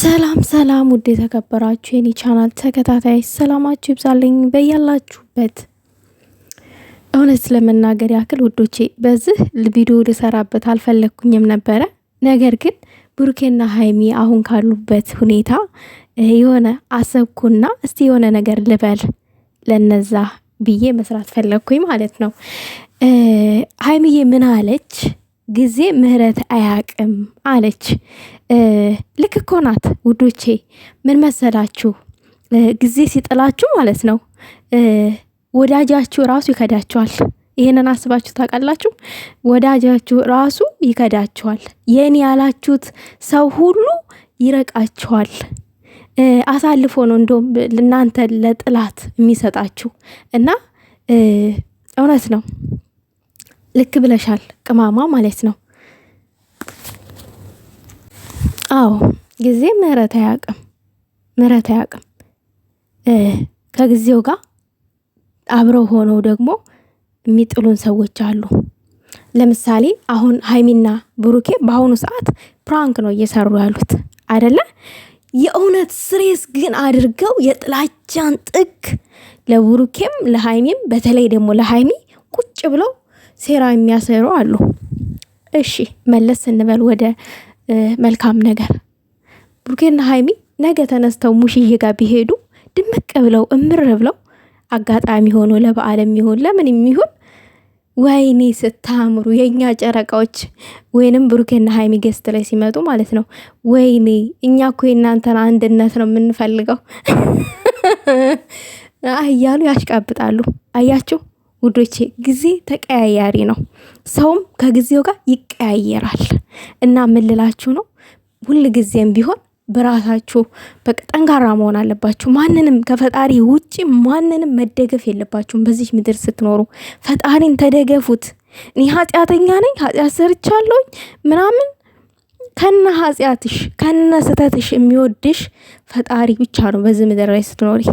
ሰላም ሰላም፣ ውድ የተከበራችሁ የኔ ቻናል ተከታታይ ሰላማችሁ ይብዛልኝ በያላችሁበት። እውነት ለመናገር ያክል ውዶቼ በዚህ ቪዲዮ ልሰራበት አልፈለግኩኝም ነበረ። ነገር ግን ብሩኬና ሀይሚ አሁን ካሉበት ሁኔታ የሆነ አሰብኩና እስቲ የሆነ ነገር ልበል ለነዛ ብዬ መስራት ፈለግኩኝ ማለት ነው። ሀይሚዬ ምን አለች ጊዜ ምህረት አያቅም አለች። ልክ እኮ ናት ውዶቼ። ምን መሰላችሁ ጊዜ ሲጥላችሁ ማለት ነው ወዳጃችሁ ራሱ ይከዳችኋል። ይህንን አስባችሁ ታውቃላችሁ? ወዳጃችሁ ራሱ ይከዳችኋል። የኔ ያላችሁት ሰው ሁሉ ይረቃችኋል። አሳልፎ ነው እንደውም እናንተ ለጥላት የሚሰጣችሁ እና እውነት ነው። ልክ ብለሻል ቅማማ ማለት ነው። አዎ ጊዜ ምህረት አያውቅም፣ ምህረት አያውቅም። ከጊዜው ጋር አብረው ሆነው ደግሞ የሚጥሉን ሰዎች አሉ። ለምሳሌ አሁን ሀይሚና ብሩኬ በአሁኑ ሰዓት ፕራንክ ነው እየሰሩ ያሉት አይደለ? የእውነት ስሬስ ግን አድርገው የጥላቻን ጥግ ለብሩኬም ለሀይሚም፣ በተለይ ደግሞ ለሀይሚ ቁጭ ብለው ሴራ የሚያሰሩ አሉ። እሺ መለስ ስንበል ወደ መልካም ነገር ብሩኬና ሀይሚ ነገ ተነስተው ሙሽዬ ጋር ቢሄዱ ድምቅ ብለው እምር ብለው አጋጣሚ ሆኖ ለበዓል ይሁን ለምን የሚሆን ወይኔ ስታምሩ የእኛ ጨረቃዎች፣ ወይንም ብሩኬና ሀይሚ ገስት ላይ ሲመጡ ማለት ነው። ወይኔ እኛ እኮ የእናንተን አንድነት ነው የምንፈልገው እያሉ ያሽቃብጣሉ። አያችሁ። ውዶቼ ጊዜ ተቀያያሪ ነው። ሰውም ከጊዜው ጋር ይቀያየራል እና ምልላችሁ ነው፣ ሁል ጊዜም ቢሆን በራሳችሁ በቃ ጠንካራ መሆን አለባችሁ። ማንንም ከፈጣሪ ውጭ ማንንም መደገፍ የለባችሁም። በዚህ ምድር ስትኖሩ ፈጣሪን ተደገፉት። እኔ ኃጢአተኛ ነኝ፣ ኃጢአት ሰርቻለሁኝ ምናምን ከነ ኃጢአትሽ ከነ ስተትሽ የሚወድሽ ፈጣሪ ብቻ ነው። በዚህ ምድር ላይ ስትኖሪ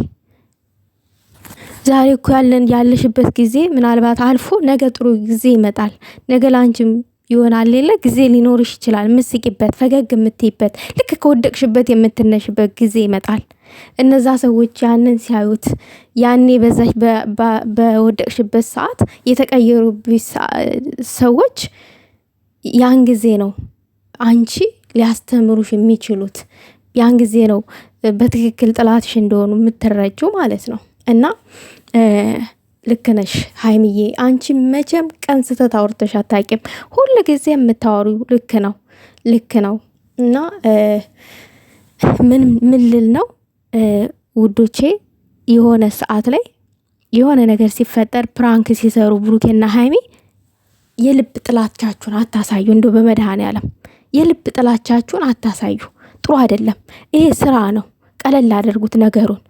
ዛሬ እኮ ያለን ያለሽበት ጊዜ ምናልባት አልፎ ነገ ጥሩ ጊዜ ይመጣል። ነገ ለአንቺም ይሆናል ሌለ ጊዜ ሊኖርሽ ይችላል። ምስቂበት፣ ፈገግ የምትይበት፣ ልክ ከወደቅሽበት የምትነሽበት ጊዜ ይመጣል። እነዛ ሰዎች ያንን ሲያዩት ያኔ በዛሽ በወደቅሽበት ሰዓት የተቀየሩብሽ ሰዎች ያን ጊዜ ነው አንቺ ሊያስተምሩሽ የሚችሉት ያን ጊዜ ነው በትክክል ጥላትሽ እንደሆኑ የምትረጁ ማለት ነው። እና ልክ ነሽ ሀይሚዬ፣ አንቺ መቼም ቀን ስተት አውርተሽ አታቂም። ሁሉ ጊዜ የምታወሪው ልክ ነው ልክ ነው። እና ምን ልል ነው ውዶቼ፣ የሆነ ሰዓት ላይ የሆነ ነገር ሲፈጠር ፕራንክ ሲሰሩ ብሩኬና ሀይሚ የልብ ጥላቻችሁን አታሳዩ። በመድሃን በመድኃኔዓለም የልብ ጥላቻችሁን አታሳዩ። ጥሩ አይደለም። ይሄ ስራ ነው። ቀለል አድርጉት ነገሩን።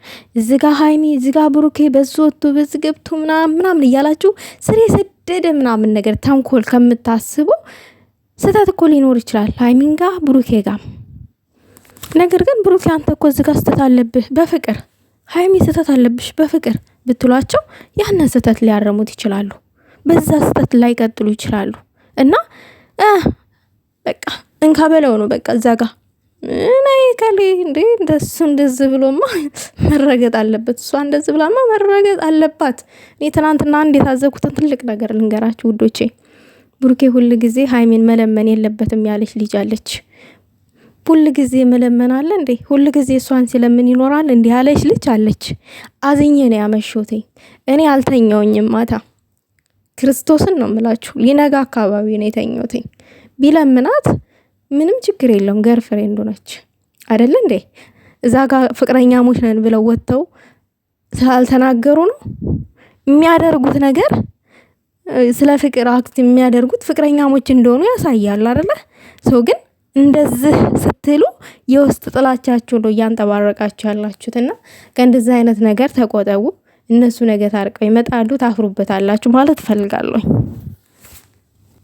እዚጋ ሀይሚ እዚጋ ብሩኬ በዚ በዝገብቱ በዚ ምናምን እያላችሁ ስር የሰደደ ምናምን ነገር ተንኮል ከምታስቡ ስህተት እኮ ሊኖር ይችላል ሀይሚን ጋ ብሩኬ ጋ። ነገር ግን ብሩኬ አንተ እኮ እዚጋ ስህተት አለብህ በፍቅር ሀይሚ ስህተት አለብሽ በፍቅር ብትሏቸው ያንን ስህተት ሊያረሙት ይችላሉ። በዛ ስህተት ላይ ቀጥሉ ይችላሉ እና በቃ እንካ በለው ነው በቃ እዛ ጋር ናይ ከሌ እንዴ እንደሱ እንደዚህ ብሎማ መረገጥ አለበት። እሷ እንደዚህ ብላማ መረገጥ አለባት። እኔ ትናንትና አንድ የታዘብኩትን ትልቅ ነገር ልንገራችሁ ውዶቼ። ብሩኬ ሁል ጊዜ ሀይሜን መለመን የለበትም ያለች ልጅ አለች። ሁል ጊዜ መለመን አለ እንዴ? ሁል ጊዜ እሷን ሲለምን ይኖራል እንዲህ ያለች ልጅ አለች። አዝኜ ነው ያመሾቴ። እኔ አልተኛውኝም ማታ ክርስቶስን ነው ምላችሁ። ሊነጋ አካባቢ ነው የተኛውቴ ቢለምናት ምንም ችግር የለውም። ገር ፍሬንዱ ነች አደለ እንዴ? እዛ ፍቅረኛ ፍቅረኛሞች ነን ብለው ወጥተው ስላልተናገሩ ነው የሚያደርጉት ነገር ስለ ፍቅር አክት የሚያደርጉት ፍቅረኛሞች እንደሆኑ ያሳያል አይደለ? ሰው ግን እንደዚህ ስትሉ የውስጥ ጥላቻችሁ ነው እያንጠባረቃችሁ ያላችሁት። እና ከእንደዚህ አይነት ነገር ተቆጠቡ። እነሱ ነገ ታርቀው ይመጣሉ፣ ታፍሩበታላችሁ ማለት እፈልጋለሁ።